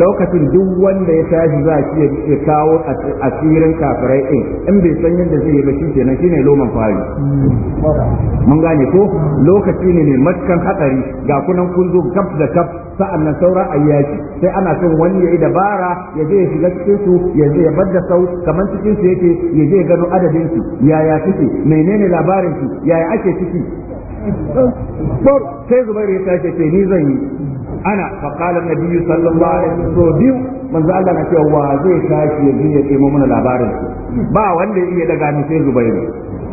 lokacin duk wanda ya tashi za shi ya kawo asirin kafirai ɗin, in bai san yadda zai yi ba shi kenan shine loman fari mun gane ko lokaci ne mai matukan hatsari ga kunan kun zo gab da gab sa'annan sauran ayyaki sai ana son wani ya yi dabara ya je ya shiga cikin ya je ya da sau kamar cikin su yake ya je ya gano adadin su yaya suke menene labarin su yaya ake ciki sai zubair ya tashi ce ni zan yi ana faqala nabiyyu sallallahu alaihi wasallam biyu manzo Allah na cewa wa zai tashi ya ji ya kai mana labarin ba wanda ya iya daga ni sai zubairu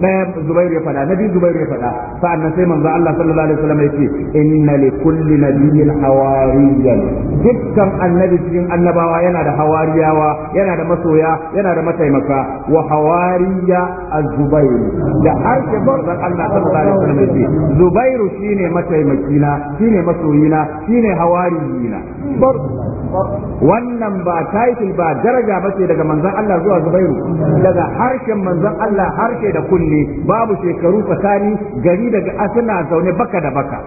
daya Zubairu ya faɗa, nabi Zubairu ya faɗa, fada sa'annan sai manzo Allah sallallahu alaihi wasallam yake inna li kulli nabiyyin hawariyan dukkan annabi cikin annabawa yana da hawariyawa yana da masoya yana da mataimaka wa hawariya az-Zubairu da harshe manzo Allah sallallahu alaihi wasallam yake Zubairu shine mataimakina shine masoyina shine hawariyina wannan ba title ba daraja bace daga manzon Allah zuwa Zubairu daga harshen manzon Allah harshe da kunni ne babu shekaru tsakani gari daga asina zaune baka da baka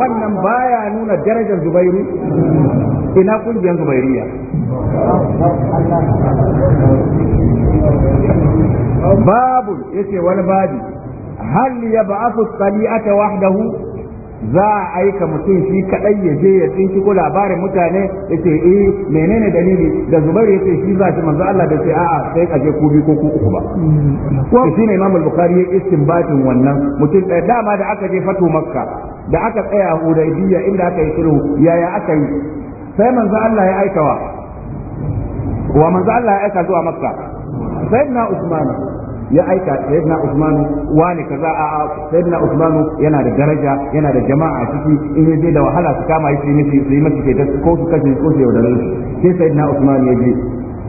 wannan baya nuna darajar zubairu ina kungiyar zubairiya babu yake wani babi hal ya ba'athu ata wahdahu za a aika mutum shi kaɗai ya je ya tsinci ko labarin mutane ya ce eh menene dalili da zubar ya ce shi za shi manzo Allah da ce a'a sai kaje je ku bi ko ku uku ba ko mm. shi ne Imam Bukhari ya istinbatin wannan mutum da dama da aka je fato Makka da aka tsaya Hudaybiya inda aka yi sulhu yaya aka yi sai manzo Allah ya aika wa wa manzo Allah ya aika zuwa Makka sayyidina Usman ya aika sayyidina Usman wani kaza a sayyidina Usman yana da daraja yana da jama'a a ciki in yaje da wahala su kama shi ne su yi masa ke ko su kashe ko su yaudare shi sai sayyidina Usman ya je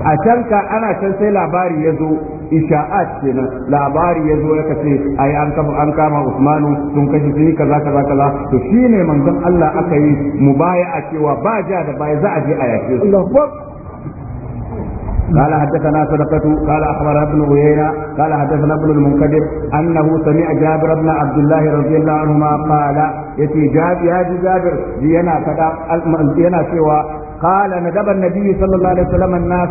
a can ka ana can sai labari ya zo isha'at kenan labari ya zo ya kace ai an kafa an kama Usmanu sun kashe sai kaza kaza kaza to shine manzon Allah aka yi mubaya'a cewa ba ja da baya za a je a yake su قال حدثنا صدقة قال أخبر ابن غيينة قال حدثنا ابن المنكدر أنه سمع جابر بن عبد الله رضي الله عنهما قال يتي جاب يا جابر ينا فدا ينا سوى قال ندب النبي صلى الله عليه وسلم الناس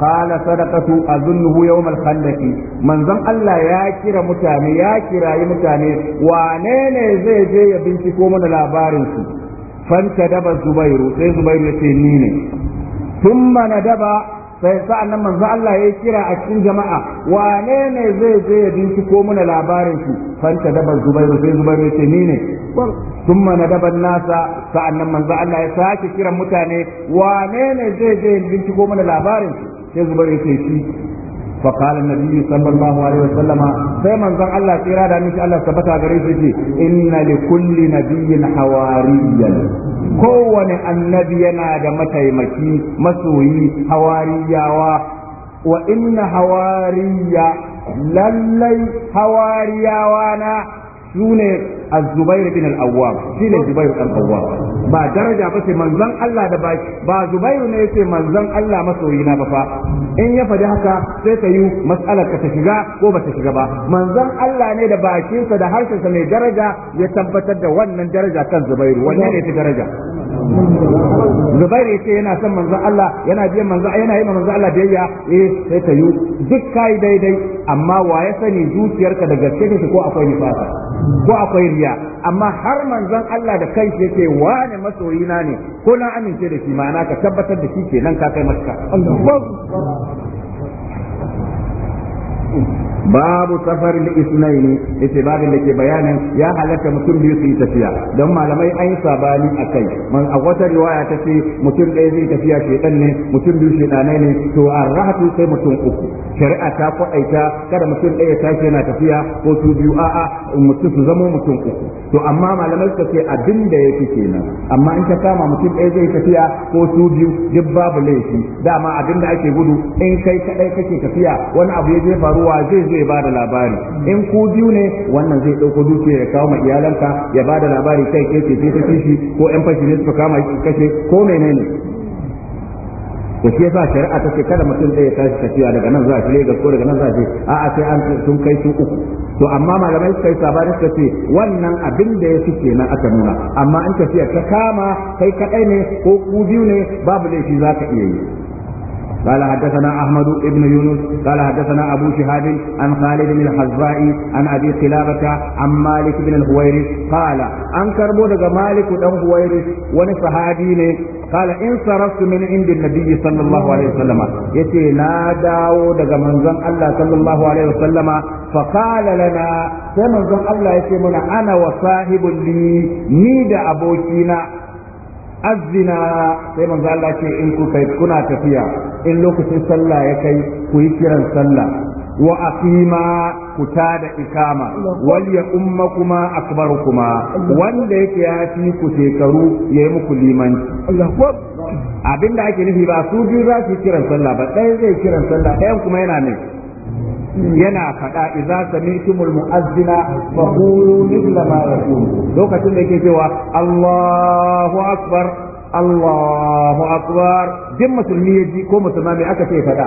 قال صدقة أظنه يوم الخندق من ظن الله يا كرا متاني يا كرا متاني وانين زي زي بنتكم من الأبارنسي فانتدب الزبير سي زبير يتي ثم ندب sai sa'an nan manzo Allah ya kira a cikin jama'a wane ne zai je ya binciko mana labarin shi fanta da Zubair sai Zubair ya ce ni ne thumma nadaba nasa sa'an nan manzo Allah ya sake kira mutane wane ne zai je ya binciko mana labarin shi sai Zubair ya ce shi فقال النبي صلى الله عليه وسلم sai manzon Allah tsira da miki Allah tabbata gare shi ce inna li kulli nabiyyin hawariyan kowane annabi yana da mataimaki masoyi hawariyawa wa inna hawariya lallai hawariyawa na sune az-zubair bin al-awwam shine zubair bin al-awwam ba daraja ba sai manzon Allah da baki ba zubair ne yace manzon Allah masoyina ba fa in ya faɗi haka sai ka yi mas'alar ka ta shiga ko ba ta shiga ba manzon Allah ne da bakinsa da harshensa mai daraja ya tabbatar da wannan daraja kan zubairu wannan ne ta daraja Zubairu ya ce yana son manzon Allah yana biyan manzon yana yi manzon Allah biyayya eh sai ta yi duk kai daidai amma wa ya sani zuciyarka da gaske take ko akwai nifasa ko akwai riya amma har manzon Allah da kai yake wani masoyina ne ko na amince da shi ma'ana ka tabbatar da shi kenan ka kai matuka. babu safar da isnaini ita babin da ke bayanin ya halatta mutum biyu su yi tafiya don malamai an yi sabani a kai man a wata riwaya ta ce mutum ɗaya zai tafiya shedan ne mutum biyu shedanai ne to a rahatu sai mutum uku shari'a ta kwaɗaita kada mutum ɗaya tashi yana tafiya ko su biyu a'a mutum su zama mutum uku to amma malamai suka ce abin da yake kenan amma in ka kama mutum ɗaya zai tafiya ko su biyu duk babu laifi dama abin da ake gudu in kai kaɗai kake tafiya wani abu ya je faruwa zai ba bada labari in ku biyu ne wannan zai ɗauko dukiya ya kawo ma iyalanka ya ba da labari kai ke ce ta kishi ko yan fashi ne suka kama kashe ko menene da shi yasa shari'a ta ce kada mutum ɗaya ya tashi tafiya daga nan za shi Lagos ko daga nan za shi a'a sai an sun kai su uku to amma malamai suka yi sabani suka ce wannan abin da ya suke nan aka nuna amma in tafiya ta kama kai kaɗai ne ko ku biyu ne babu laifi za ka iya yi قال حدثنا احمد بن يونس قال حدثنا ابو شهاب عن خالد بن الحذاء عن ابي قلابه عن مالك بن الهويرث قال ان كربو daga مالك بن الهويرث wani sahabi ne قال ان صرفت من عند النبي صلى الله عليه وسلم yace na dawo daga manzon Allah sallallahu alaihi wasallam fa qala lana sai manzon Allah yace mana ana wa sahibul li ni da abokina azzina sai manzo Allah ce in ku kai kuna tafiya in lokacin sallah ya kai ku yi kiran sallah wa aqima ku tada ikama wal ya ummakuma akbarukuma wanda yake ya fi ku shekaru yayi muku limanci abinda ake nufi ba su biyu za su kiran sallah ba ɗaya zai kiran sallah ɗayan kuma yana ne yana faɗa idza sami'tumul mu'azzina faqulu mithla ma lokacin da yake cewa Allahu akbar Allahu akbar duk musulmi ya ji ko musulma mai aka ce faɗa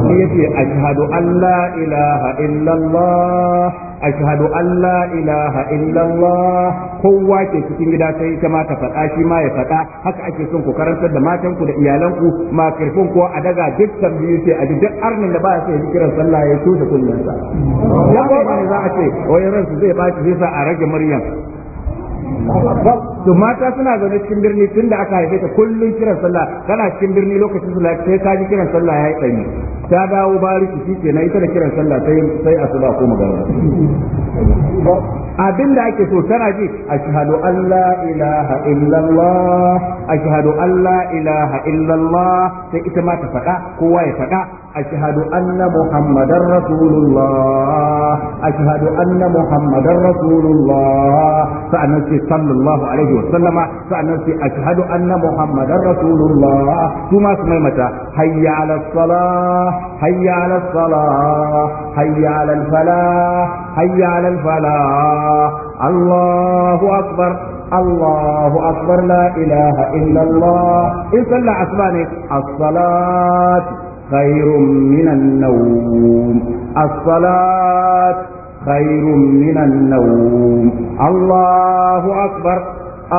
shi yace ashhadu an la ilaha illallah ashhadu an la ilaha illallah kowa ke cikin gida sai ita ma ta faɗa shi ma ya faɗa haka ake son ku karantar da matan ku da iyalan ku ma karfin ko a daga duk tambayi sai a duk arnin da ba sai kiran sallah ya tuta kullun sa ya ba za a ce wai ransu zai ba shi zai sa a rage maryam to mata suna zaune cikin birni tun da aka haife ta kullun kiran sallah kana cikin birni lokacin sallah sai ka ji kiran sallah ya yi tsani ta dawo bariki shi na ita da kiran sallah sai sai asuba ko magana abin da ake so tana ji ashhadu an la ilaha illallah ashhadu an la ilaha illallah sai ita ma ta faɗa kowa ya faɗa ashhadu anna muhammadar rasulullah ashhadu anna muhammadar rasulullah sa'annan sai صلى الله عليه وسلم سأنا في أشهد أن محمد رسول الله ثم اسمي متى هيا على الصلاة هيا على الصلاة هيا على الفلاح هيا على الفلاح الله أكبر الله أكبر لا إله إلا الله إن صلى عثمانك الصلاة خير من النوم الصلاه خير من النوم الله أكبر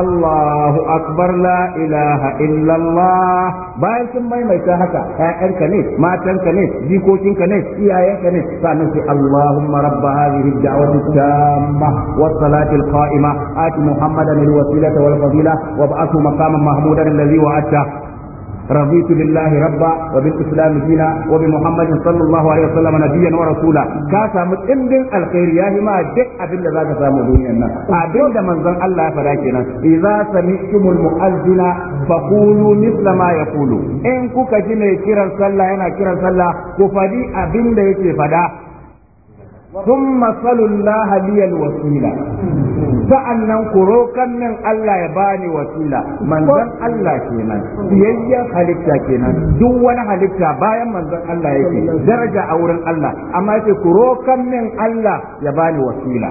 الله أكبر لا إله إلا الله bayan sun maimaita haka ƴaƴanka ne matanka ne jikokinka ne iyayenka ne sannan sai Allahumma rabba hadhihi ad-da'wati tamma was salati al-qa'ima ati muhammadan al-wasilata wal fadila wa ba'athu maqaman mahmudan alladhi wa'ata رضيت بالله ربا وبالاسلام دينا وبمحمد صلى الله عليه وسلم نبيا ورسولا كاسا متندن الخير يا ما دك ابن ذا كسامو دنيا نا ابين ده منزon Allah fara kenan idza sami'tum almu'azzin faqulu mithla ma yaqulu in kuka ji mai kiran sallah yana kiran sallah ku fadi abin da yake fada ثم صلوا الله لي الوسيله sa'annan ku rokan nan Allah ya bani wasila manzon Allah kenan siyayyen halitta kenan duk wani halitta bayan manzon Allah yake daraja a wurin Allah amma yake kurokan rokan nan Allah ya bani wasila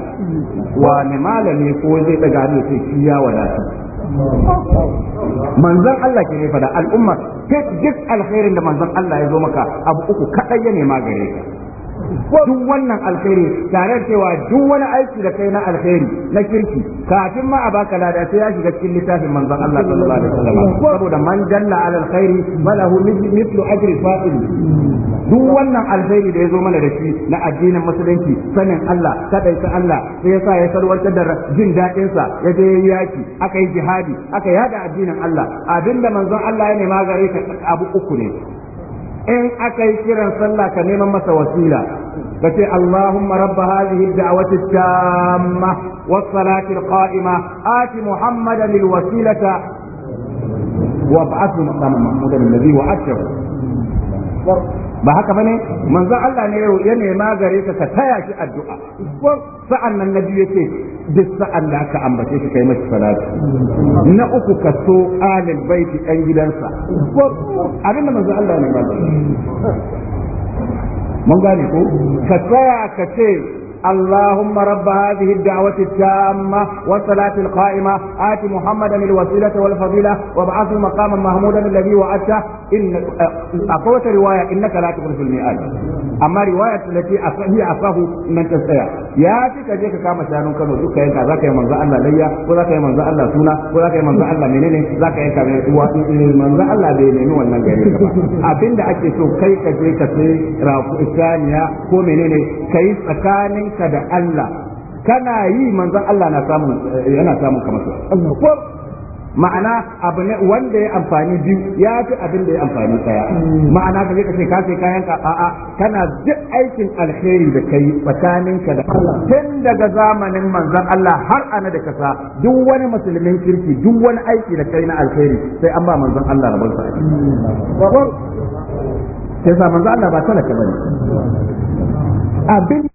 wani malami ko zai daga hannu sai shi ya wadata manzon Allah ke fada al'umma duk alkhairin da manzon Allah ya zo maka abu uku kadai ya nema gare ka duk wannan alkhairi tare da cewa duk wani aiki da kai na alkhairi na kirki kafin ma a baka lada sai ya shiga cikin littafin manzon Allah sallallahu alaihi wasallam saboda man dalla ala alkhairi falahu mithlu ajri fa'il duk wannan alkhairi da ya zo mana da shi na addinin musulunci sanin Allah kadaita Allah sai ya sa ya sarwantar da jin dadin sa ya je yaki aka yi jihadi aka yada addinin Allah abinda manzon Allah ya nema gare ka abu uku ne in aka yi kiran sallah ka neman masa wasila ka ce Allahumma rabba hadhihi ad-da'wati tamma was-salati al-qa'ima ati Muhammadan al-wasilata wa ba'athu maqama mahmudan alladhi wa'adahu ba haka bane manzon Allah ne ya nema gare ka ka taya shi addu'a sa'an nan nabi yace duk sa'an da aka ambace shi kai mashi salatu na uku ka so alil baiti ɗan gidansa abinda manzo Allah ne ba mun gane ko ka tsaya ka ce اللهم رب هذه الدعوة التامة والصلاة القائمة آت محمدا الوسيلة والفضيلة وابعثه مقاما محمودا الذي وعدته إن أقوت رواية إنك لا تخلف الميعاد أما رواية التي هي أصح من تستطيع يا تيكا جيكا كما شانون كانوا دوكا ينكا ذاك يا منزع الله ليا وذاك يا منزع الله سونا وذاك يا منزع الله منين ذاك ينكا منزع الله بينين wannan gare ka abinda ake so kai ka je ka sai rafu isaniya ko menene kai tsakanin kanka da Allah kana yi manzon Allah na samun eh, yana samun kamar su ma'ana abu ne wanda ya amfani biyu ya fi abin da ya amfani daya hmm. ma'ana ka ka ce ka sai kayan ka a'a kana duk aikin alheri da kai tsakanin ka da Allah tun daga zamanin manzon Allah har ana da kasa duk wani musulmin kirki duk wani aiki da kai na alheri sai an ba manzon Allah rabon sa hmm. sai sa manzon Allah ba talaka bane abin